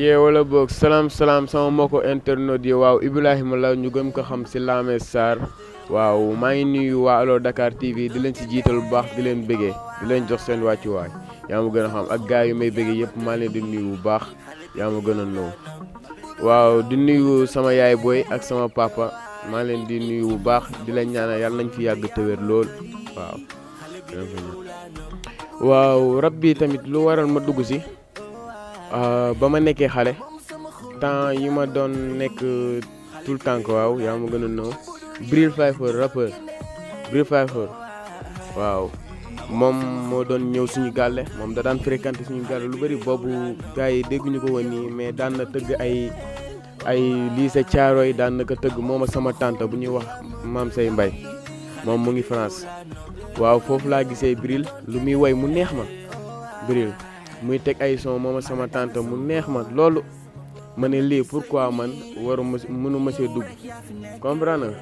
yee wala boog salaam salaam sama mbokku internet yi waaw Ibrahima la ñu gën ko xam si Lamé Sarr waaw maa ngi nuyu waa Allo Dakar TV di leen si jiital bu baax di leen bëggee di leen jox seen wàccuwaay yaa ma gën a xam ak gaa yi may bëggee yëpp maa leen di nuyu bu baax yaa ma gën a nëw waaw di nuyu sama yaay booy ak sama papa maa leen di nuyu bu baax di leen ñaanal yàlla nañ fi yàgg tëwër lool waaw. waaw rab bi tamit lu waral ma dugg si. Euh, ba ma nekkee xale temps yi ma doon nekk tout le temps waaw yaa ma gën a noo Bril Fayfour rappeur Bril Fayfour waaw moom moo doon ñëw suñu gàlle moom da daan fréquenté suñu gàlle lu bari boobu gars dégguñu ko woon nii mais daan na tëgg ay ay lycée Thiaroye yi daan na tëgg moom ak sama tante bu ñuy wax maam say mbay moom mu ngi France waaw foofu laa gisee Bril lu muy woy mu neex ma Bril muy teg ay son moom ak sama tante mu neex ma loolu ma ne lii pour pourquoi man waru ma mënu ma see dugg comprendre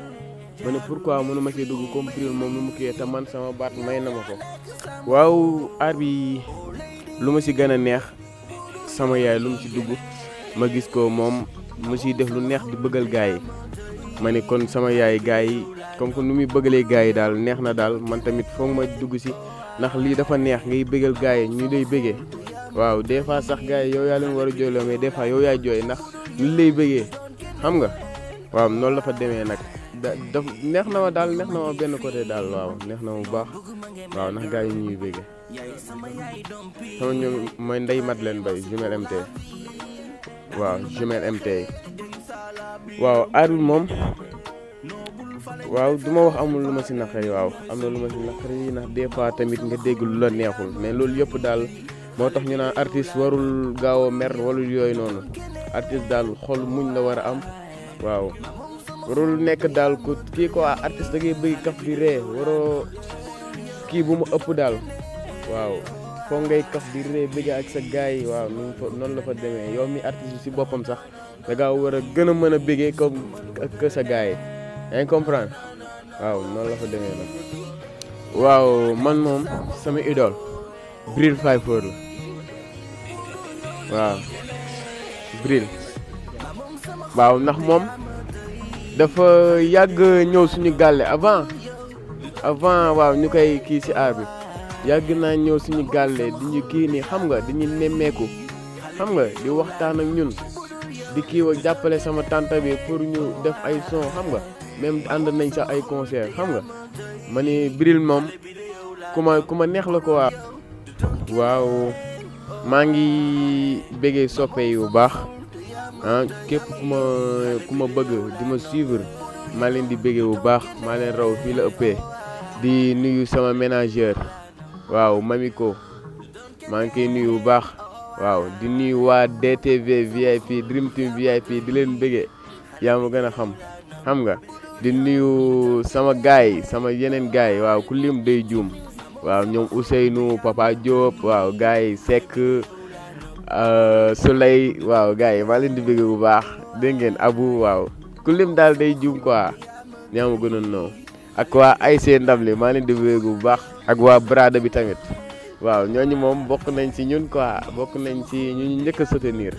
ma ne pourquoi mënu ma see dugg compris moom lu mu kiyee te man sama baat may na ma ko waaw aar bi lu ma si gën a neex sama yaay lu mu si dugg ma gis ko moom mu siy def lu neex di bëggal gars yi ma ne kon sama yaay gars yi comme que nu muy bëggalee gars yi daal neex na daal man tamit foog ma dugg si ndax lii dafa neex ngay bégal gars yi ñu lay bégee waaw des fois sax gars yow yaa leen war a jooyloo mais des fois yow yaa jooy ndax ñu lay bégee xam nga waaw noonu la fa demee nag. da neex na ma daal neex na ma benn côté daal waaw neex na ma baax waaw ndax gars yi ñuy sama ñoom mooy Madeleine Jumel MT waaw Jumel MT waaw aar moom. waaw du ma wax amul lu ma si naqari waaw am na lu ma si naqari ndax des fois tamit nga dégg lu la neexul mais loolu yëpp daal moo tax ñu naan artiste warul gaaw a mer walul yooyu noonu artiste daal xol muñ la war a am waaw warul nekk daal ko kii quoi artiste da ngay bëgg kaf di ree waroo mu ëpp daal waaw foo ngay kaf di ree ak sa gars yi waaw nu noonu la fa demee yow mi artiste si boppam sax da ngaa war a gën a mën a bëggee comme ak sa gars yi yaa ngi waaw man moom sama idol Bril Fayfour la waaw Bril waaw ndax moom dafa yàgg ñëw suñu gàlle avant avant waaw ñu koy kii si aar bi yàgg naa ñëw suñu gàlle di ñu kii nii xam nga di nemmeeku xam nga di waxtaan ak ñun. di kiiw ak jàppale sama tànta bi pour ñu def ay son xam nga même ànd nañ sax ay concert xam nga ma ni biril moom ku ma ku ma neex la ko waa waaw maa ngi bëggee soppe yu baax ah képp ku ma ku ma bëgg di ma suivre maa leen di bëggee bu baax maa leen raw fii la ëppee di nuyu sama ménageur waaw Mamiko maa ngi koy nuyu bu baax waaw di nuyu waa DTV VIP Dream Team VIP di leen bëgge yaa ma gën a xam xam nga di nuyu sama gaay yi sama yeneen gaay yi waaw ku lim day juum waaw ñoom Ousseynou Papa Diop waaw gaay yi Seck euh, Souley waaw gaay yi maa leen di bëggee bu baax dégg abu waaw ku lim daal day juum quoi yaa ma gënoon noo ak waa ay AIC ndam li maa leen di bëggee bu baax ak waa Brada bi tamit. waaw ñooñu moom bokk nañ ci ñun quoi bokk nañ ci ñu njëkk a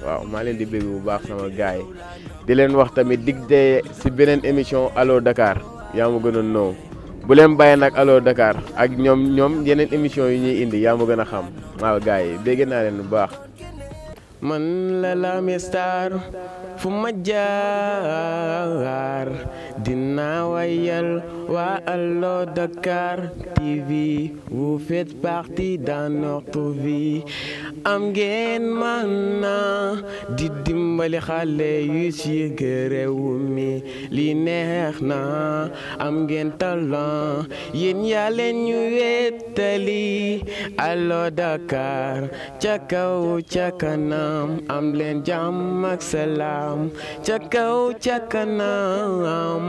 waaw maa leen di bëgg bu baax sama gars yi di leen wax tamit dig dee ci beneen émission allo Dakar yaa ma gën a noow bu leen bàyyi nag aloo dakaar ak ñoom ñoom yeneen émission yu ñuy indi yaa ma gën a xam waaw gaay yi bégg naa leen bu baax. man la Lamine Star fu ma jaar dinaa wayal waa Allo Dakar TV vous faites partie dans notre vie am ngeen man na di dimbali xale yu ci réew mi li neex na am ngeen talent yéen yaa leen ñu wettali Allo Dakar ca kaw am leen jàmm ak salaam ca kaw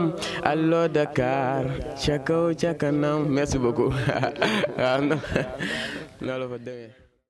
kanam allo Dakar ca kaw ca kanam merci beaucoup waaw noonu fa demee